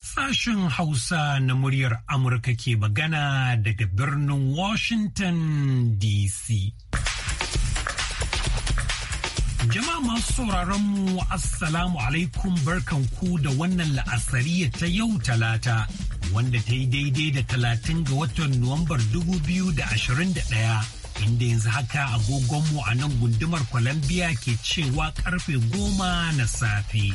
Sashen Hausa na muryar Amurka ke magana daga birnin Washington DC. Jama'a masu sauraron mu Assalamu alaikum barkan ku da wannan la'asariya ta yau talata wanda ta yi daidai da talatin ga watan Nuwambar 2021. inda yanzu haka agogonmu a nan gundumar Colombia ke cewa karfe goma na safe.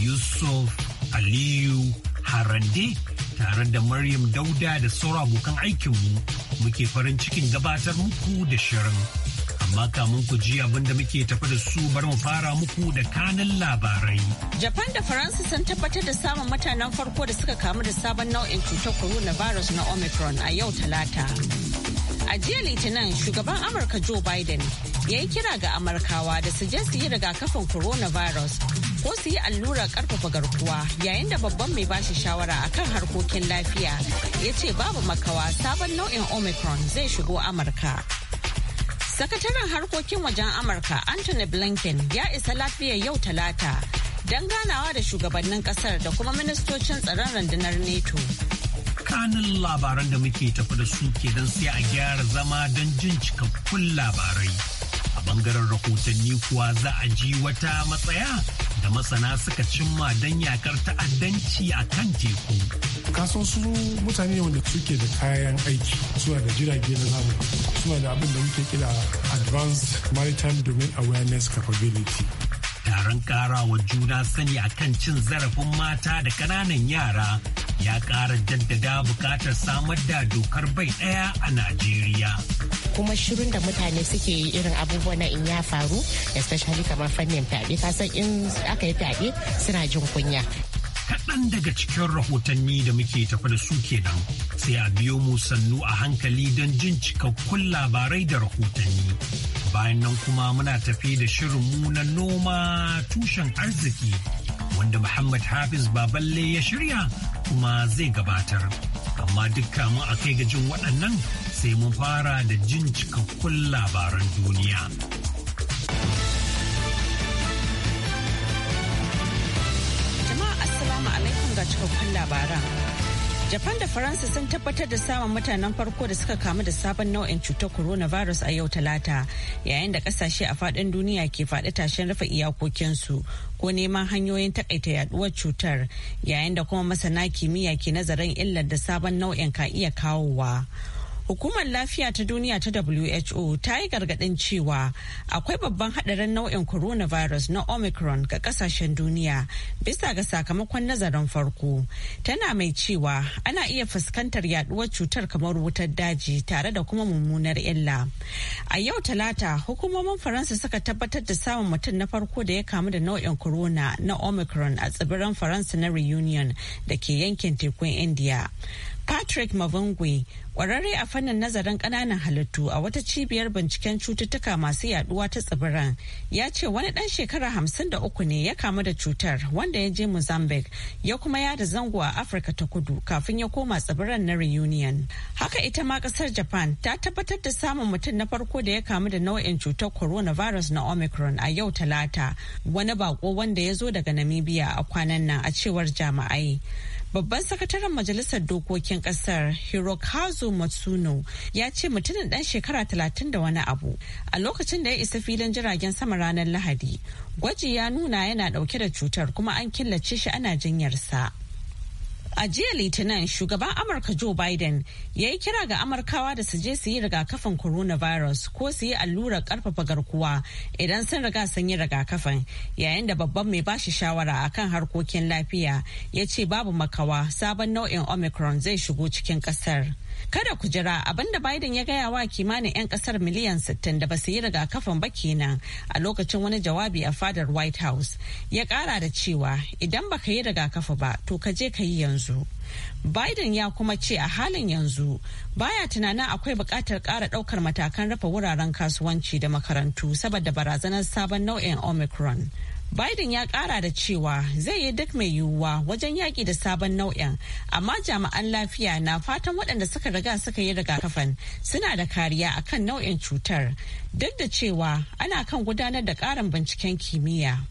Yusuf Aliyu Harande tare da Maryam Dauda da sauran abokan aikinmu muke farin cikin gabatar muku da shirin. Amma kamun ku ji abin da muke tafi da su bari mu fara muku da kanan labarai. Japan da Faransa sun tabbatar da samun mutanen farko da suka kamu da sabon nau'in cutar coronavirus na Omicron a yau Talata. A jiya Litinin shugaban Amurka Joe Biden ya yi kira ga Amurkawa da su je su yi rigakafin coronavirus ko su yi allurar karfafa garkuwa yayin da babban mai bashi shawara akan harkokin lafiya ya ce babu makawa sabon nau'in Omicron zai shigo Amurka. Sakataren harkokin wajen Amurka Anthony Blinken ya isa lafiya yau talata don ganawa da shugabannin kasar da kuma ministocin tsaron rundunar NATO. tsakanin labaran da muke tafi da su ke don sai a gyara zama don jin cikakkun labarai. A bangaren rahotanni kuwa za a ji wata matsaya da masana suka cimma don yakar ta'addanci a kan teku. Kasan su mutane wanda suke da kayan aiki suna da jirage na zamani suna da abin da muke kira advanced maritime domain awareness capability. taron karawa juna sani a kan cin zarafin mata da kananan yara ya ƙara daddada bukatar samar da dokar bai ɗaya a Najeriya. kuma shirin da mutane suke yi irin abubuwan na in ya faru especially kamar fannin fyaɗe kasan in aka yi fyaɗe suna jin kunya kaɗan daga cikin rahotanni da muke tafa da su kenan sai a biyo mu sannu a hankali don jin cikakkun labarai da rahotanni bayan nan kuma muna tafi da shirin mu na noma tushen arziki wanda muhammad hafiz baballe ya shirya kuma zai gabatar amma dukka mu a kai ga jin waɗannan sai mun fara da jin cikakkun labaran duniya. ga cikakkun labaran. Japan da Faransa sun tabbatar da samun mutanen farko da suka kamu da sabon nau'in cutar coronavirus a yau talata yayin da kasashe a faɗin duniya ke faɗi tashin rufe iyakokinsu ko neman hanyoyin takaita yaduwar cutar yayin da kuma masana kimiyya ke nazarin illar da sabon nau'in ka iya kawowa. Hukumar lafiya ta duniya ta WHO ta yi gargaɗin cewa akwai babban hadarin nau'in coronavirus na Omicron ga kasashen duniya bisa ga sakamakon nazarin farko. Tana mai cewa ana iya fuskantar yaduwar cutar kamar wutar daji tare da kuma mummunar illa. A yau talata hukumomin Faransa suka tabbatar da samun mutum na farko da ya kamu da nau'in corona na Omicron a tsibirin Faransa na Reunion da ke yankin tekun India. Patrick Mavangwe, kwararre a fannin nazarin ƙananan halittu a wata cibiyar binciken cututtuka masu yaduwa ta tsibiran, ya ce wani ɗan shekara hamsin da uku ne ya kamu da cutar wanda ya je Mozambique ya kuma yada zango a Afirka ta kudu kafin ya koma tsibiran na Reunion. Haka ita ma ƙasar Japan ta tabbatar da samun mutum na farko da ya kamu da nau'in cutar coronavirus na Omicron a yau Talata, wani bako wanda ya zo daga Namibia a kwanan nan a cewar jama'ai. Babban sakataren Majalisar Dokokin Kasar Hirokazu Matsuno ya ce mutumin ɗan shekara talatin da wani abu a lokacin da ya isa filin jiragen sama ranar Lahadi. Gwaji ya nuna yana ɗauke da cutar kuma an killace shi ana jinyarsa. A jiya Litinin shugaban Amurka Joe Biden ya yi kira ga Amurkawa da su je su yi rigakafin coronavirus ko su yi allurar karfafa garkuwa idan sun riga sun yi rigakafin yayin da babban mai bashi shawara akan harkokin lafiya ya ce babu makawa sabon nau'in Omicron zai shigo cikin kasar. Kada ku jira abinda Biden ya gaya wa kimanin 'yan kasar miliyan 60 da basu su yi rigakafin ba kenan a lokacin wani jawabi a fadar White House. Ya kara da cewa idan baka yi rigakafi ba to ka je ka yi yanzu. Biden ya kuma ce a halin yanzu baya tunanin akwai bukatar kara daukar matakan rufe wuraren kasuwanci da makarantu saboda barazanar sabon nau'in Omicron. Biden ya kara da cewa zai yi duk mai yiwuwa wajen yaƙi da sabon nau'in, amma jami'an lafiya na fatan waɗanda suka riga suka yi rigakafin suna da kariya akan nau'in cutar, duk da cewa ana kan gudanar da ƙarin binciken kimiyya.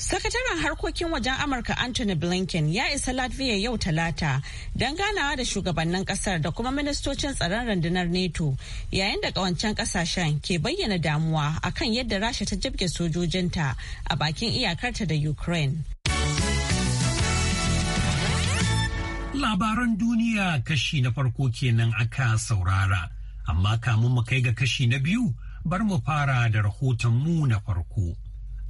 Sakataren harkokin wajen Amurka Anthony Blinken ya isa Latvia yau talata don ganawa da shugabannin kasar da kuma ministocin tsaron rundunar NATO yayin da kawancen kasashen ke bayyana damuwa akan yadda Rasha ta jibge sojojinta a bakin iyakarta da Ukraine. Labaran duniya kashi na farko kenan aka saurara, amma kamun mu kai ga kashi na biyu bar mu fara da rahoton mu na farko.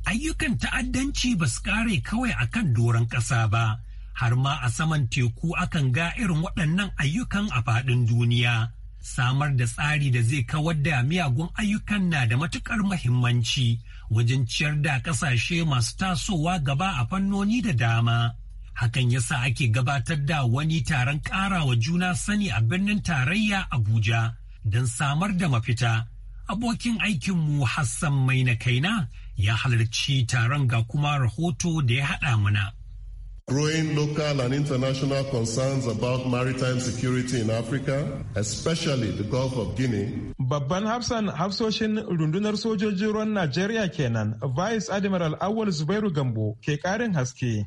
ayyukan ta'addanci ba su kare kawai a kan doron ƙasa ba, har ma a saman teku akan ga irin waɗannan ayyukan a faɗin duniya. Samar da tsari da zai kawar da miyagun ayyukan na da matuƙar mahimmanci wajen ciyar da ƙasashe masu tasowa gaba a fannoni da dama. Hakan ya yasa ake gabatar da wani taron ƙarawa juna sani a birnin tarayya Abuja don samar da mafita. Abokin aikinmu Hassan Mai na kaina ya halarci taron ga kuma rahoto da ya haɗa mana. Growing local and international concerns about maritime security in Africa, especially the Gulf of Guinea. Babban hafsan hafsoshin rundunar sojojin ruwan Najeriya kenan, Vice Admiral Awal Zubairu Gambo ke ƙarin haske.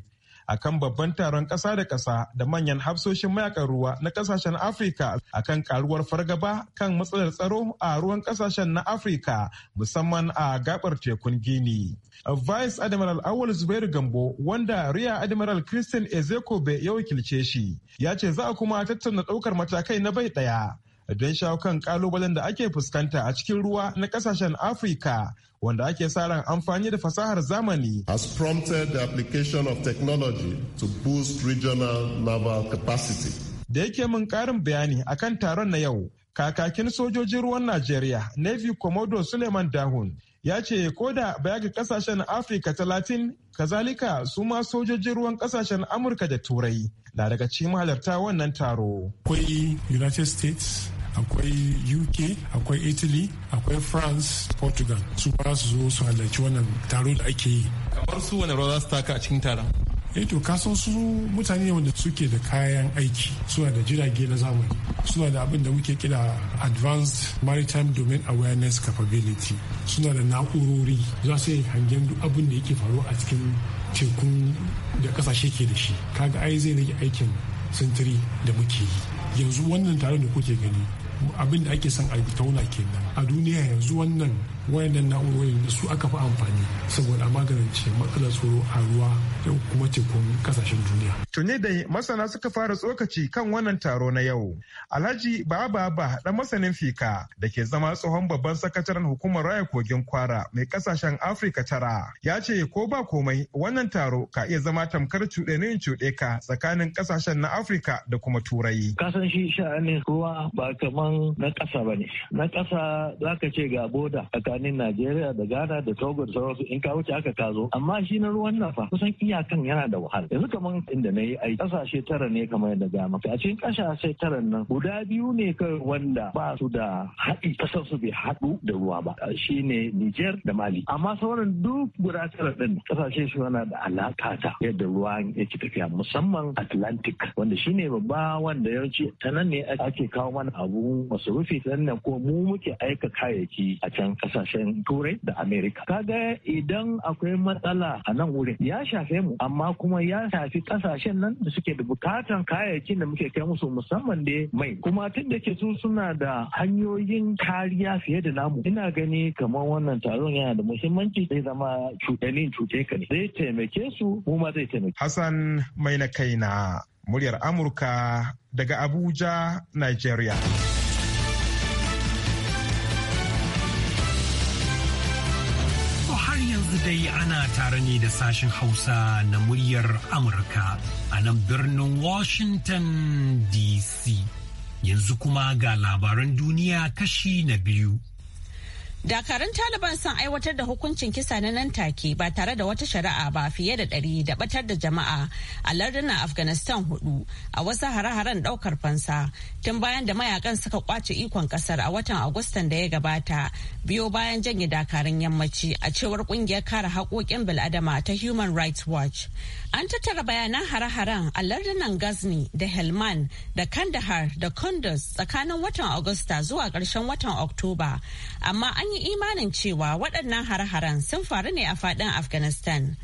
akan babban taron ƙasa da ƙasa da manyan hafsoshin mayakan ruwa na ƙasashen Afirka akan karuwar fargaba kan matsalar tsaro a ruwan ƙasashen na Afirka musamman a gabar tekun Gini. Vice Admiral Awal Zubairu Gambo wanda Riya Admiral Christian Ezekobe ya wakilce shi ya ce za a kuma tattauna ɗaukar matakai na bai ɗaya don shawo kan kalubalen da ake fuskanta a cikin ruwa na kasashen Afirka wanda ake sa ran amfani da fasahar zamani. Has prompted the application of technology to boost regional naval capacity. Da yake min karin bayani a kan taron na yau, kakakin sojojin ruwan Najeriya, Navy Komodo Suleiman Dahun, ya ce ko da baya ga kasashen afirka talatin kazalika su ma sojojin ruwan kasashen amurka da turai na daga cikin halarta wannan taro. akwai united states akwai uk akwai italy akwai france portugal su ba su zo su halarci wannan taro da ake yi kamar su wani rawa za su taka a cikin taron eh to kasan su mutane wanda suke da kayan aiki suna da jirage na zamani suna da abin da muke kira advanced maritime domain awareness capability suna da na'urori za su yi hangen duk abin da yake faruwa a cikin tekun da kasashe ke da shi kaga ai zai rage aikin sintiri da muke yi yanzu wannan taron da kuke gani abin da ake son a tauna kenan a duniya yanzu wannan wayannan na'urori da su aka fi amfani saboda magance matsalar tsoro a ruwa da kuma tekun kasashen duniya. Tuni da masana suka fara tsokaci kan wannan taro na yau. Alhaji Baba Ba dan masanin fika da ke zama tsohon babban sakataren hukumar raya kogin kwara mai kasashen Afirka tara ya ce ko ba komai wannan taro ka iya zama tamkar cuɗanin cuɗe ka tsakanin kasashen na Afirka da kuma Turai. Kasan shi sha'anin ruwa ba kaman na ƙasa ba ne. Na ƙasa za ka ce ga boda tsakanin Najeriya da Ghana da Togo da sauransu in ka wuce aka ka zo amma shi na ruwan nan kusan iyakan yana da wahala yanzu kamar inda na yi aiki kasashe tara ne kamar yadda ga maka a cikin kasashe tara nan guda biyu ne kai wanda ba su da haɗi kasar su bai haɗu da ruwa ba Shi ne Niger da Mali amma sauran duk guda tara ɗin. kasashe su yana da alaka ta yadda ruwa yake tafiya musamman Atlantic wanda Shi ne babba wanda yawanci ta nan ne ake kawo mana abu masarufi ta nan ko mu muke aika kayayyaki a can kasa kasashen turai da amerika kaga idan akwai matsala a nan wurin ya shafe mu amma kuma ya shafi kasashen nan da suke da bukatan kayayyakin da muke kai musu musamman da mai kuma tun da ke su suna da hanyoyin kariya fiye da namu ina gani kamar wannan taron yana da muhimmanci zai zama cutanin cuɗe ka ne zai taimake su mu ma zai taimake hassan mai na kaina muryar amurka daga abuja nigeria dai ana tare ne da sashen Hausa na muryar Amurka a nan birnin Washington DC. Yanzu kuma ga labaran duniya kashi na biyu. Dakarun Taliban sun aiwatar da hukuncin kisa na nan take ba tare da wata shari'a ba fiye da ɗari da batar da jama'a a lardunan Afghanistan hudu a wasu hare-haren ɗaukar fansa tun bayan da mayakan suka kwace ikon kasar a watan Agustan da ya gabata biyo bayan janye dakarun yammaci a cewar kungiyar kare haƙoƙin bil'adama ta Human Rights Watch. An tattara bayanan hare-haren a lardunan Ghazni da Helman da Kandahar da Kunduz tsakanin watan Agusta zuwa ƙarshen watan Oktoba amma an yi imanin cewa waɗannan har-haren sun faru ne a faɗin Afghanistan.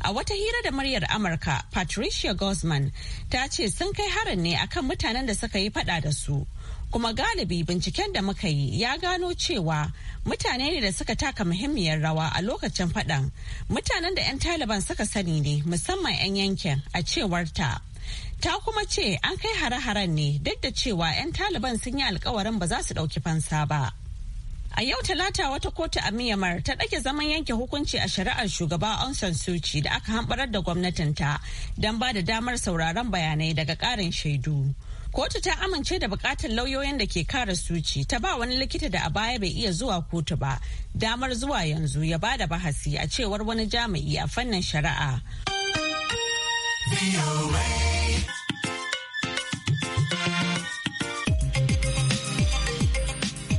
A wata hira da muryar Amurka, Patricia gosman ta ce sun kai harin ne akan mutanen da suka yi faɗa da su. Kuma galibi binciken da muka yi ya gano cewa mutane ne da suka taka muhimmiyar rawa a lokacin faɗan. Mutanen da 'yan Taliban suka sani ne musamman 'yan yankin a cewar ta ta kuma ce an kai hare-haren ne duk da cewa 'yan taliban sun yi alkawarin ba za su ɗauki fansa ba. A yau talata wata kotu a Myanmar ta ɗage zaman yanke hukunci a shari'ar shugaba Aung San Suu Kyi da aka hambarar da gwamnatinta don ba da damar sauraron bayanai daga ƙarin shaidu. Kotu ta amince da bukatar lauyoyin da ke kare suci ta ba wani likita da a baya bai iya zuwa kotu ba damar zuwa yanzu ya bada bahasi a cewar wani jami'i a fannin shari'a.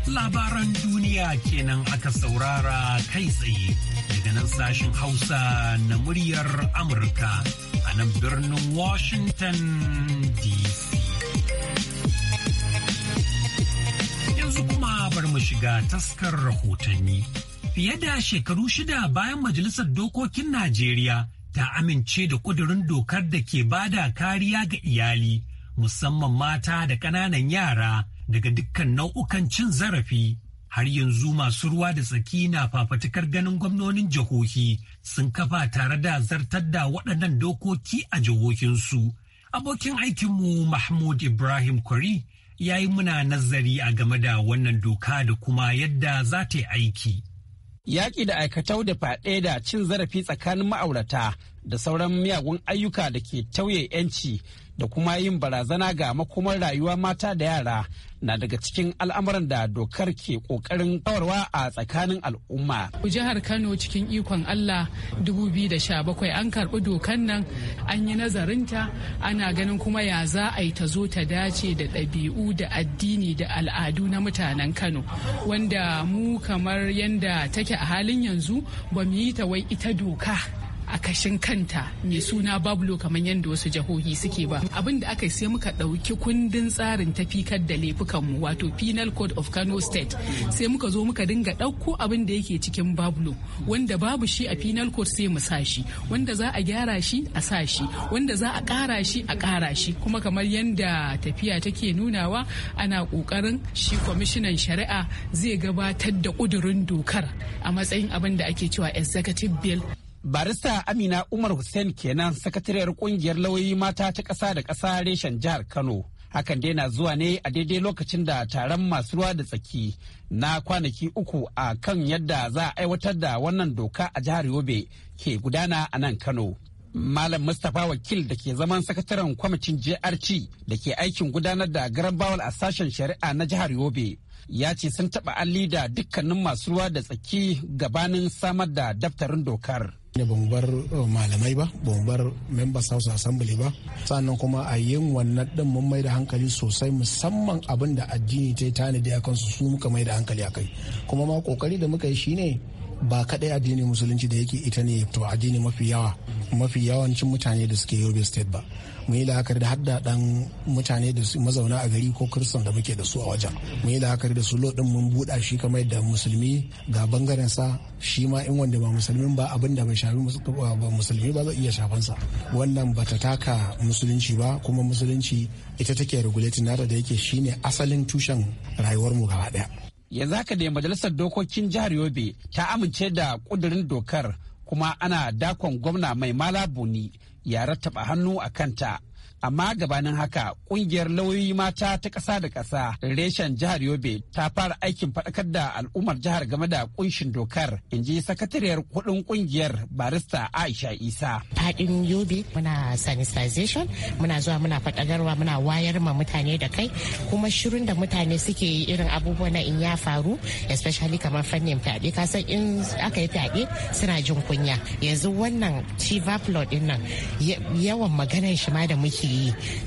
Labaran duniya kenan aka saurara kai tsaye daga nan sashen Hausa na muryar Amurka a nan birnin Washington DC. Yanzu kuma bar mu shiga taskar rahotanni. Fiye da shekaru shida bayan Majalisar Dokokin Najeriya ta amince da kudurin dokar da ke bada kariya ga iyali, musamman mata da ƙananan yara. daga dukkan nau'ukan cin zarafi har yanzu masu ruwa da tsaki na fafatukar ganin gwamnonin jihohi sun kafa tare da zartar da waɗannan dokoki a jihohinsu. Abokin aikinmu Mahmud Ibrahim Kwari ya yi muna nazari a game da wannan doka da kuma yadda za ta yi aiki. Yaƙi da aikatau da faɗe da cin zarafi tsakanin ma'aurata da sauran miyagun ayyuka da ke tauye 'yanci da kuma yin barazana ga makomar rayuwa mata da yara na daga cikin al'amuran da dokar ke kokarin kawarwa a tsakanin al'umma. Jihar Kano cikin ikon Allah 2017 an karbi dokan nan an yi nazarinta ana ganin kuma ya za a yi ta zo ta dace da ɗabi'u da addini da al'adu na mutanen Kano wanda mu kamar yanda take a halin yanzu ba mu yi ta wai ita doka a kashin kanta mai suna bablo kamar yadda wasu jihohi suke ba abin da aka sai muka ɗauki kundin tsarin tafikar da laifukan mu wato penal code of kano state sai muka zo muka dinga ɗauko abin da yake cikin bablo wanda babu shi a penal code sai mu sa shi wanda za a gyara shi a sa shi wanda za a ƙara shi a ƙara shi kuma kamar yadda tafiya take nunawa ana ƙoƙarin shi kwamishinan shari'a zai gabatar da ƙudurin dokar a matsayin abin da ake cewa executive bill barista amina umar hussein kenan sakatariyar kungiyar lauyoyi mata ta ƙasa da ƙasa reshen jihar kano hakan dai na zuwa ne a daidai lokacin da taron masu ruwa da tsaki na kwanaki uku a kan yadda za a aiwatar da wannan doka a jihar yobe ke gudana a nan kano malam mustapha wakil da ke zaman sakataren kwamitin jrc da ke aikin gudanar da garan bawal a sashen shari'a na jihar yobe ya ce sun taɓa alli da dukkanin masu ruwa da tsaki gabanin samar da daftarin dokar ne ba mu bar eh, malamai ba ba mu bar members house assembly ba sannan kuma a yin wannan din mun mai da hankali sosai musamman abin da addini ta yi tanadi akan su su muka mai da hankali akai kuma ma kokari da muka yi shine ba kadai addini musulunci da yake ita ne to addini mafi yawa mafi yawancin mutane da suke yobe state ba mu yi la'akari da hadda dan mutane da su mazauna a gari ko kirsan da muke da su a wajen mu yi la'akari da su lo din mun buɗa shi kamar da musulmi ga bangaren sa shi ma in wanda ba musulmin ba abin da bai shafi musulmi ba zai iya shafan sa. wannan bata taka musulunci ba kuma musulunci ita take regulating nata da yake shine asalin tushen rayuwar mu gaba daya yanzu haka da majalisar dokokin jihar yobe ta amince da kudirin dokar kuma ana dakon gwamna mai mala buni ya rattaba hannu a kanta amma gabanin haka kungiyar lauyoyi mata ta kasa da kasa reshen jihar yobe ta fara aikin faɗakar da al'ummar jihar game da kunshin dokar in ji sakatariyar kuɗin kungiyar barista aisha isa faɗin yobe muna sanitization muna zuwa muna faɗakarwa muna wayar ma mutane da kai kuma shirin da mutane suke yi irin abubuwan na in ya faru especially kamar fannin fyaɗe kasan in aka yi fyaɗe suna jin kunya yanzu wannan chiva plot din nan yawan maganar shi ma da muke yi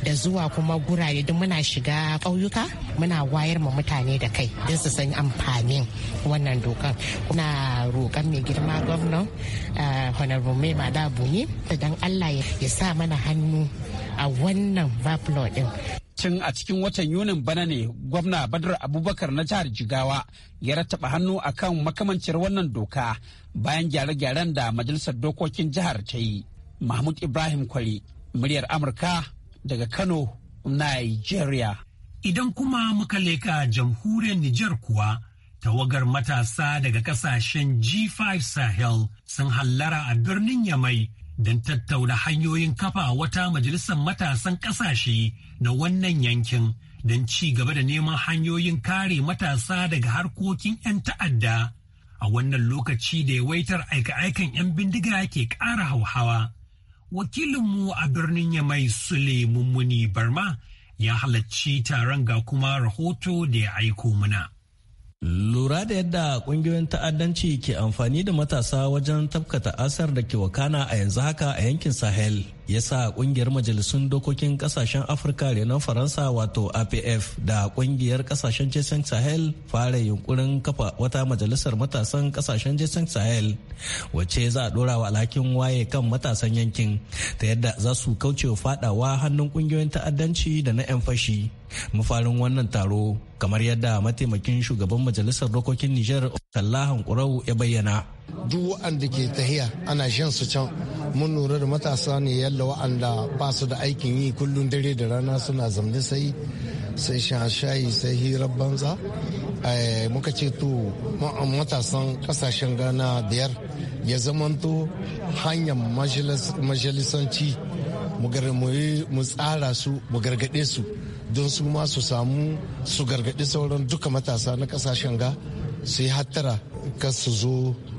da zuwa kuma gurare duk muna shiga ƙauyuka muna wayar ma mutane da kai don su san amfanin wannan dokan na roƙon mai girma gwamnan eh, honorable mai mada buni don allah ya sa mana hannu a wannan vaplo din tun a cikin watan yunin bana ne gwamna badar abubakar na jihar jigawa ya rattaba hannu akan makamancin wannan doka bayan gyare-gyaren da majalisar dokokin jihar ta yi mahmud ibrahim kwari muryar Amurka daga Kano, Nigeria. Idan kuma muka leka jamhuriyar Nijar kuwa, tawagar matasa daga kasashen G5 Sahel sun hallara a birnin Yamai don tattauna hanyoyin kafa wata majalisar matasan kasashe na wannan yankin don ci gaba da neman hanyoyin kare matasa daga harkokin 'yan ta'adda. A wannan lokaci da yawaitar aika-aikan 'yan bindiga ke ƙara hauhawa. wakilinmu a birnin Yamai Sule Mummuni Barma ya halarci taron ga kuma rahoto da ya aiko muna. Lura da yadda kungiyoyin ta'addanci ke amfani da matasa wajen tafkata asar da ke wakana a yanzu haka a yankin Sahel. ya sa kungiyar majalisun dokokin kasashen afirka renon faransa wato apf da kungiyar kasashen jason sahel fara yunkurin kafa wata majalisar matasan kasashen jason sahel wacce za a dora wa alhakin waye kan matasan yankin ta yadda za su kauce fadawa hannun kungiyoyin ta'addanci da na 'yan fashi mafarin wannan taro kamar yadda mataimakin shugaban majalisar dokokin nijar kurau ya bayyana duk waɗanda ke tahiya ana shan su can mun lura da matasa ne yalla waɗanda ba su da aikin yi kullum dare da rana suna zamne sai sai shan shayi sai hirar banza eh, muka ce to matasan kasashen ghana biyar ya zamanto hanyar majalisanci mu tsara su mu gargaɗe su don su ma su samu su gargaɗi sauran duka matasa na kasashen ga su yi hattara ka su zo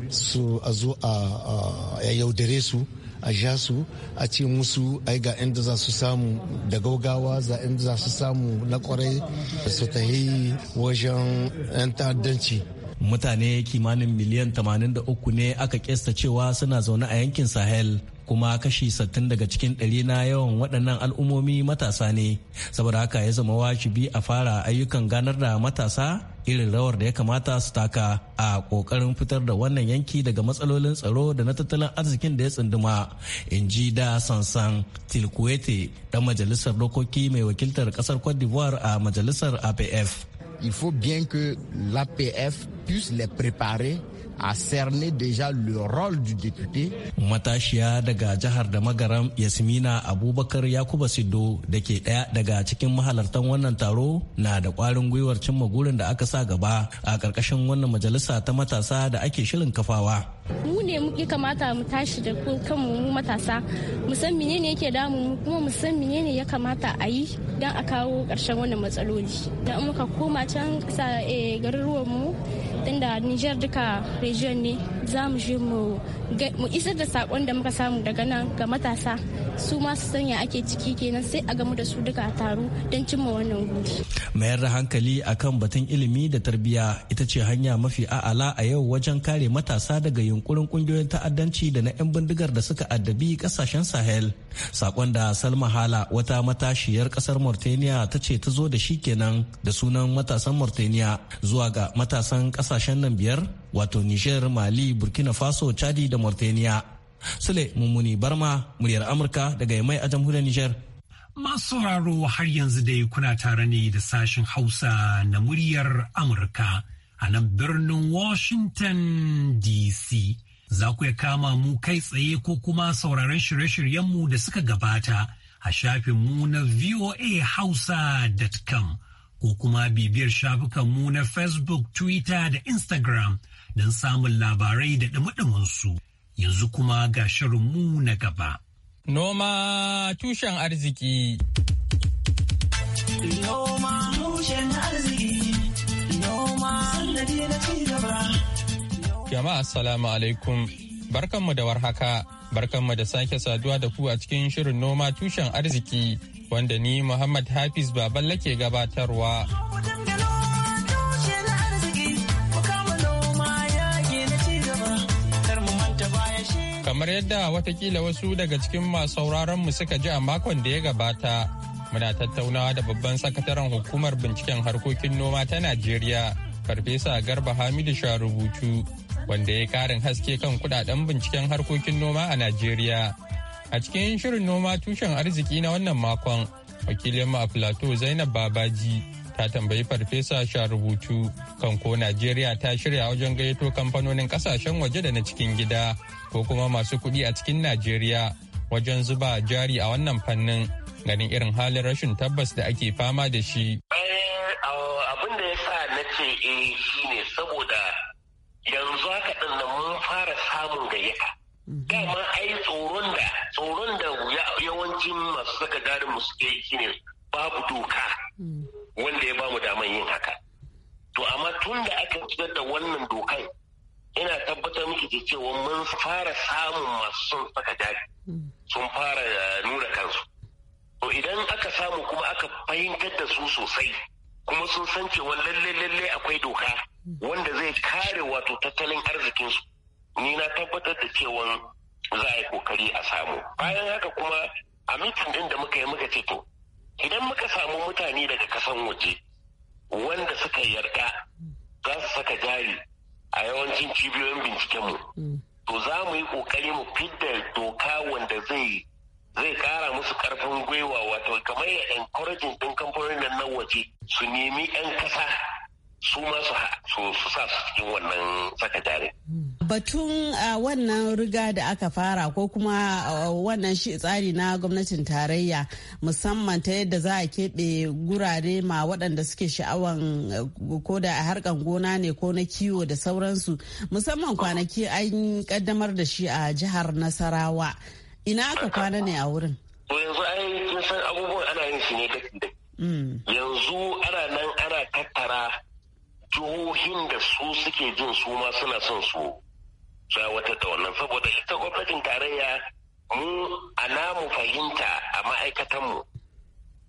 su a zo a yaudare su a ja su a ce musu ai ga inda za su samu da gaugawa za inda za su samu na kwarai su yi wajen 'yan ta'addanci mutane kimanin miliyan 83 ne aka kesta cewa suna zaune a yankin sahel kuma kashi 60 daga cikin ɗari na yawan waɗannan al'ummomi matasa ne saboda haka ya zama wajibi a fara ayyukan ganar da matasa irin rawar da ya kamata su taka a kokarin fitar da wannan yanki daga matsalolin tsaro da na tattalin arzikin da ya tsunduma in ji da sansan tilkuwete dan majalisar dokoki mai wakiltar kasar cote d'ivoire a majalisar apf il faut bien que l'apf puisse les préparer a cerner déjà le rôle du député. Matashiya daga jihar da magaram Yasmina Abubakar Yakuba sido da ke ɗaya daga cikin mahalartan wannan taro na da kwarin gwiwar cin gurin da aka sa gaba a ƙarƙashin wannan majalisa ta matasa da ake shirin kafawa. Mu ne muke kamata mu tashi da kanmu mu matasa mu san menene yake damu mu kuma mu san menene ya kamata a yi don a kawo ƙarshen wannan matsaloli. Da muka koma can sa eh, garuruwan mu da Nijar duka region ne za mu je mu isar da sakon da muka samu daga nan ga matasa su masu sanya ake ciki kenan sai a gamu da su duka a taro don cimma wannan guri. mayar da hankali akan batun ilimi da tarbiyya ita ce hanya mafi a'ala a yau wajen kare matasa daga yunkurin kungiyoyin ta'addanci da na 'yan bindigar da suka addabi kasashen sahel sakon da salma hala wata matashiyar kasar mauritania ta ce ta zo da shi kenan da sunan matasan mauritania zuwa ga matasan kasashen nan biyar wato Nijar, Mali, Burkina Faso, Chadi da Mauritania. Sule Mummuni Barma, muryar Amurka daga Yamai a jamhuriyar Niger. Masu sauraro har yanzu dai kuna tare ne da sashen Hausa na muryar Amurka a nan birnin Washington DC. Za ku ya kama mu kai tsaye ko kuma sauraron shirye-shiryenmu da suka gabata a shafinmu na voahausa.com ko kuma bibiyar shafukanmu na Facebook, Twitter da Instagram. don samun labarai da ɗumi Yanzu kuma ga shirinmu na gaba. Noma tushen arziki. Noma tushen arziki. Noma sannadi na ci gaba. Jama'a assalamu alaikum. Barkanmu da warhaka. Barkanmu da sake saduwa da ku a cikin shirin noma tushen arziki wanda ni Muhammad Hafiz Baballa ke gabatarwa. kamar yadda watakila wasu daga cikin masu mu suka ji a makon da ya gabata muna tattaunawa da babban sakataren hukumar binciken harkokin noma ta najeriya farfesa garba hamidu rubutu wanda ya karin haske kan kudaden binciken harkokin noma a najeriya a cikin shirin noma tushen arziki na wannan makon wakilinmu a plateau zainab babaji ta tambayi farfesa rubutu kan ko najeriya ta shirya wajen gayyato kamfanonin kasashen waje da na cikin gida ko kuma masu kuɗi a cikin Najeriya wajen zuba jari a wannan fannin ganin irin halin rashin tabbas da ake fama da shi. Eh, abin da ya sa na ce eh shi ne saboda yanzu haka ɗin nan mun fara samun gayyata. Mhm. Dama ai tsoron da tsoron da yawancin masu saka jarin mu suke shi ne babu doka mhm. wanda ya bamu daman yin haka. To amma tun da aka fitar da wannan dokan ina tabbatar miki da cewa mun fara samun masu son saka jari sun fara eh, nuna kansu to idan aka samu kuma aka fahimtar da su sosai kuma sun san cewa lalle lalle akwai doka wanda zai kare wato tattalin arzikinsu ni na tabbatar da cewa za a yi kokari a samu bayan haka kuma a mitin din da muka yi muka ce to idan muka samu mutane daga kasan waje wanda suka yarda za su saka jari a yawancin cibiyoyin binciken mu mm. to za mu yi ƙoƙari mu fidda doka wanda zai zai kara musu karfin gwiwa wato kamar ya encouraging din kamfanonin nan waje su nemi 'yan kasa su ma su sa su cikin wannan saka jari. Batun wannan riga da aka fara ko kuma wannan shi tsari na gwamnatin tarayya musamman ta yadda za a keɓe gurare ma waɗanda suke sha'awan eh, ko da a harkan gona ne ko na kiwo da sauransu musamman kwanaki an kaddamar da shi a jihar Nasarawa. Ina aka kwana ne a wurin? yanzu san abubuwan ana yin shi ne mm. Yanzu ana nan ana tattara jihohin da su suke jin su ma suna son su wata da wannan saboda ita gwamnatin tarayya mu a namu fahimta a ma'aikatanmu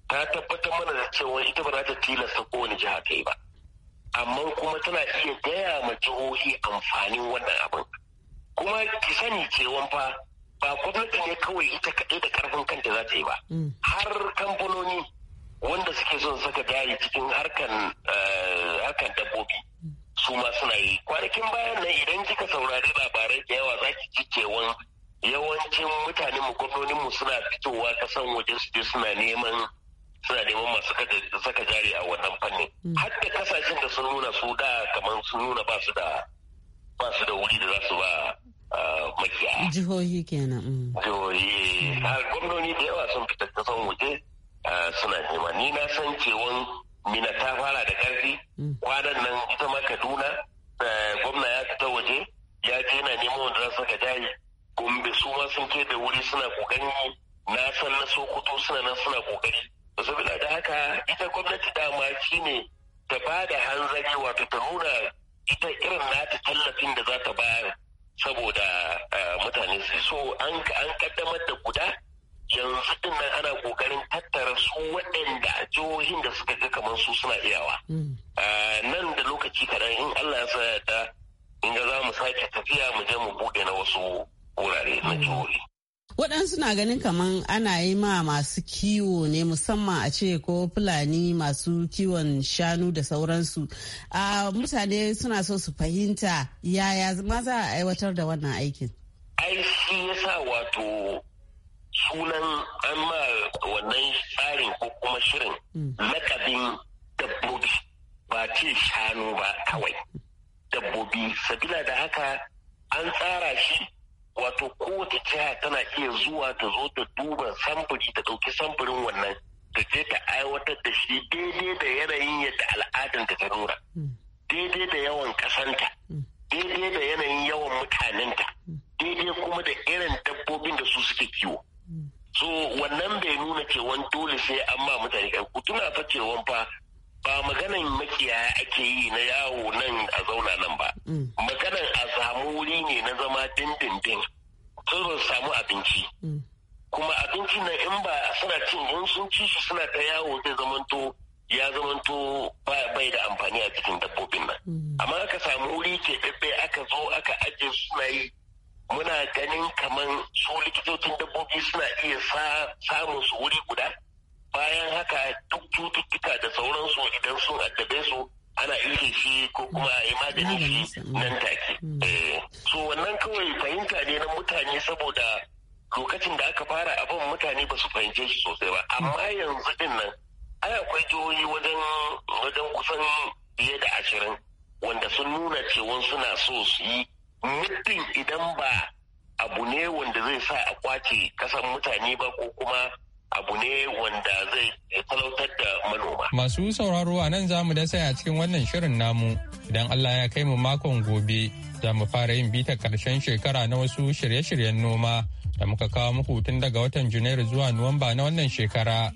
ta tabbatar mana da cewa ita ba za ta tilasta kowane jiha kai ba amma kuma tana iya gaya ma jihohi amfanin wannan abin kuma ki sani cewan fa ba gwamnati ne kawai ita kaɗai da karfin kanta za ta yi ba mm. har kamfanoni wanda suke son saka dayi cikin eh, harkan dabbobi su ma suna yi kwanakin bayan nan idan kika saurari labarai da yawa za ki ci cewan yawancin mutane mu gwamnonin mu suna fitowa kasan waje su je suna neman suna neman masu saka jari a wannan fannin mm. har da kasashen da sun nuna su da kamar sun nuna ba su da ba su da wuri da za su ba ah, makiya jihohi kenan mm. jihohi mm. har gwamnoni da yawa sun fita kasan waje Eh, suna nema ni na san cewan mina ta fara da ƙarfi hmm. kwanan nan ita ma kaduna eh, gwamna ya fita waje ya je na neman wanda za su ka jayi gombe su ma sun ke da wuri suna kokari na san na sokoto suna nan suna kokari saboda da haka ita gwamnati dama ne ta ba da hanzari wato ta nuna ita irin nata tallafin da za ta bayar saboda eh, mutane su so an kaddamar da guda yanzu din nan ana kokarin tattara su waɗanda jihohin da suka ga kamar su suna iyawa hmm. ah, nan da lokaci kaɗan in Allah ya sa ta in ga za mu sake tafiya mu je mu buɗe na wasu wurare na hmm. jihohi. waɗansu na ganin kamar ana yi ma masu kiwo ne musamman a ce ko fulani masu kiwon shanu da sauransu a ah, mutane suna so su fahimta yaya maza a aiwatar da wannan aikin ai shi yasa wato sunan an ma wannan tsarin ko kuma shirin mm. lakabin dabbobi ba ce shanu ba kawai dabbobi sabila da haka an tsara shi wato kowace jiha tana iya zuwa ta zo ta duba samfuri ta ɗauki samfurin wannan ta je ta aiwatar da shi daidai da yanayin yadda al'adar ta nuna mm. daidai da yawan kasanta mm. daidai da yanayin yawan mutanenta daidai kuma da irin dabbobin da su suke kiwo so wannan bai nuna cewan dole sai an ma mutane kai ku tuna fa cewa fa ba maganan makiyaya ake yi na yawo nan a zauna nan ba mm. maganan a samu wuri ne na zama dindindin sun samu abinci mm. kuma abinci na in ba suna cin in sun ci shi suna ta yawo zai zamanto ya zamanto bai da amfani a cikin dabbobin nan mm. amma aka samu wuri ke aka zo aka ajiye suna yi muna ganin kamar su likitocin dabbobi suna iya samun su wuri guda bayan haka duk cututtuka da sauransu idan sun addabe su ana ilke shi ko kuma a yi maganin shi mm. nan take. Mm. Eh, so wannan kawai fahimta ne na mutane saboda lokacin da aka fara abin mutane ba su fahimce shi sosai ba. Amma mm. yanzu din nan ai akwai jihohi wajen wajen kusan fiye da ashirin wanda sun nuna cewa suna so su yi muddin idan ba abu ne wanda zai sa a kwace kasan mutane ba ko kuma abu ne wanda zai talautar da manoma. Masu sauraro a nan zamu dasa a cikin wannan shirin namu idan Allah ya kai mu makon gobe za mu fara yin bitar karshen shekara na wasu shirye-shiryen noma da muka kawo muku tun daga watan Janairu zuwa Nuwamba na wannan shekara.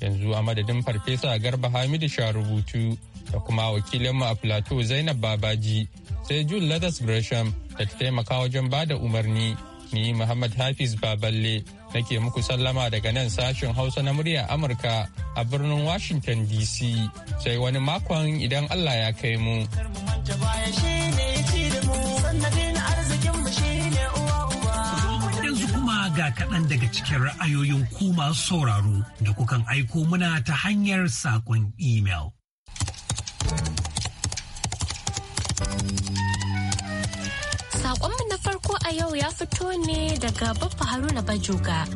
Yanzu a madadin Farfesa Garba Hamidu Sharubutu da kuma wakilinmu a Plateau Zainab Babaji sai June Ladas Gresham da ta taimaka wajen ba da umarni ni muhammad hafiz baballe nake muku sallama daga nan sashen hausa na murya amurka a birnin washington dc sai wani makon idan allah ya kai mu yanzu kuma ga kaɗan daga cikin ra'ayoyin kuma sauraro da kukan aiko muna ta hanyar saƙon imel. Sakonmu na farko a yau ya fito ne daga Babba Haruna Bajoga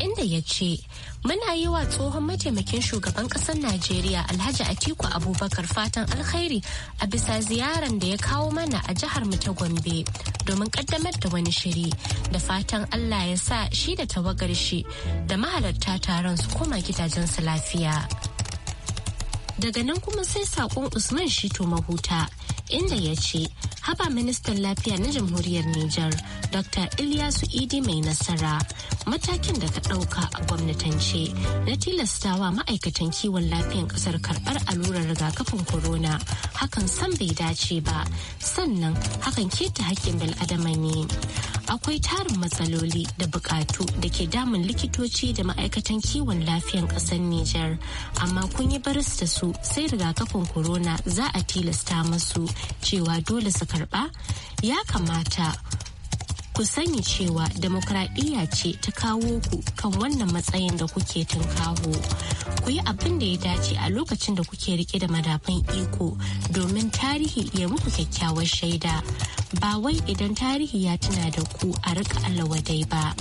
inda ya ce, Muna yi wa tsohon mataimakin shugaban ƙasar Najeriya Alhaji Atiku Abubakar fatan alkhairi a bisa ziyaran da ya kawo mana a jihar mu ta Gombe domin ƙaddamar da wani shiri da fatan Allah ya sa shi da tawagar shi da mahalarta taron su koma gidajen su lafiya. daga nan kuma sai saƙon usman shito mahuta inda ya ce haba ministan lafiya na jamhuriyar Nijar Dr. Ilyasu Idi mai nasara matakin da ka ɗauka a gwamnatance na tilastawa ma'aikatan kiwon lafiyan ƙasar karɓar allurar rigakafin corona hakan san bai dace ba sannan hakan keta haƙƙin bil'adama ne akwai tarin matsaloli da buƙatu da ke damun likitoci da ma'aikatan kiwon lafiyan ƙasar Nijar amma kun yi barista da su sai rigakafin corona za a tilasta masu cewa dole su karba ya kamata ku sani cewa demokradiyya ce ta kawo ku kan wannan matsayin da kuke tunkaho ku yi abin da ya dace a lokacin da kuke rike da madafan iko domin tarihi ya muku kyakkyawar shaida ba wai idan tarihi ya tuna da ku a rika alawadai ba.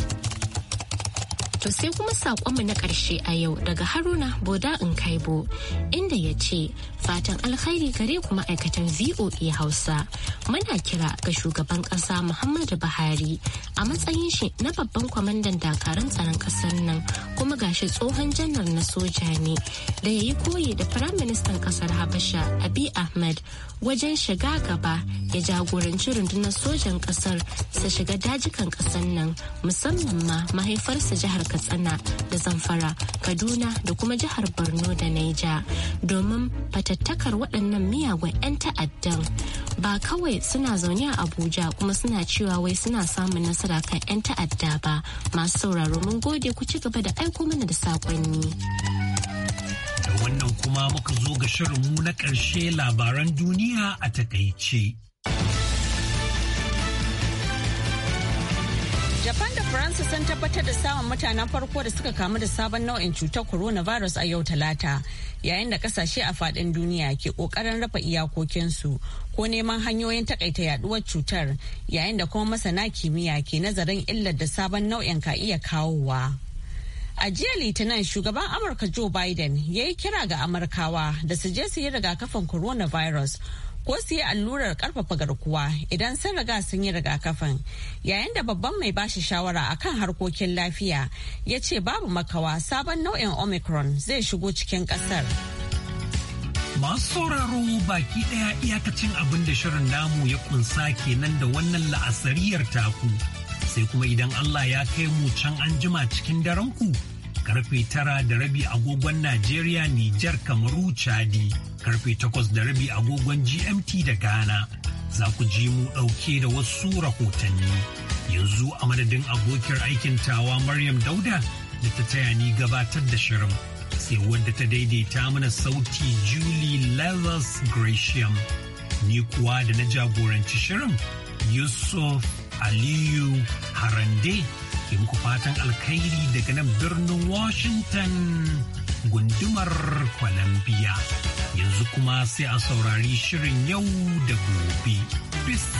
To sai kuma saƙonmu na ƙarshe a yau daga Haruna Boda Nkaibo inda ya ce fatan alkhairi gare ku ma'aikatan VOA Hausa. Muna kira ga shugaban ƙasa Muhammadu Buhari a matsayin shi na babban kwamandan dakarun tsaron ƙasar nan kuma gashi tsohon janar na soja ne da ya yi koyi da Firaministan ƙasar Habasha Abi Ahmed wajen shiga gaba ya jagoranci rundunar sojan ƙasar su shiga dajikan ƙasar nan musamman ma mahaifarsa jihar katsina da zamfara kaduna da kuma jihar borno da naija domin fatattakar waɗannan miyagun 'yan ta'addan ba kawai suna zaune a abuja kuma suna cewa wai suna samun nasara kan 'yan ta'adda ba masu sauraro mun gode ku ci gaba da aiko mana da saƙonni. da wannan kuma muka zo ga shirinmu na ƙarshe labaran duniya a takaice. faransa sun tabbatar da samun mutanen farko da suka kamu da sabon nau'in cutar coronavirus a yau talata yayin da kasashe a fadin duniya ke kokarin rafa iyakokinsu ko neman hanyoyin takaita yaduwar cutar yayin da kuma masana kimiyya ke nazarin illar da sabon nau'in ka iya kawowa a jiya litinin shugaban amurka joe biden ya yi kira ga amurkawa da su je su yi rigakafin coronavirus ko su yi allurar karfafa garkuwa idan sun riga sun yi rigakafin yayin da babban mai bashi shawara akan harkokin lafiya ya ce babu makawa sabon nau'in omicron zai shigo cikin kasar masu sauraro baki daya iyakacin abin da shirin namu ya kunsa kenan da wannan la'asariyar taku sai kuma idan allah ya kai mu can an jima cikin daren ku karfe tara da rabi agogon Najeriya, Nijar, Kamaru, Chadi, karfe takwas da rabi agogon GMT da Ghana. Za ku ji mu ɗauke da wasu rahotanni. Yanzu a madadin abokiyar aikin tawa Maryam Dauda da ta taya ni gabatar da shirin. Sai wadda ta daidaita mana sauti Julie Lazarus Gratiam. Ni kuwa da na jagoranci shirin Yusuf Aliyu Harande. ke muku fatan alkhairi daga nan birnin Washington gundumar Columbia. Yanzu kuma sai a saurari shirin yau da gobe. Peace.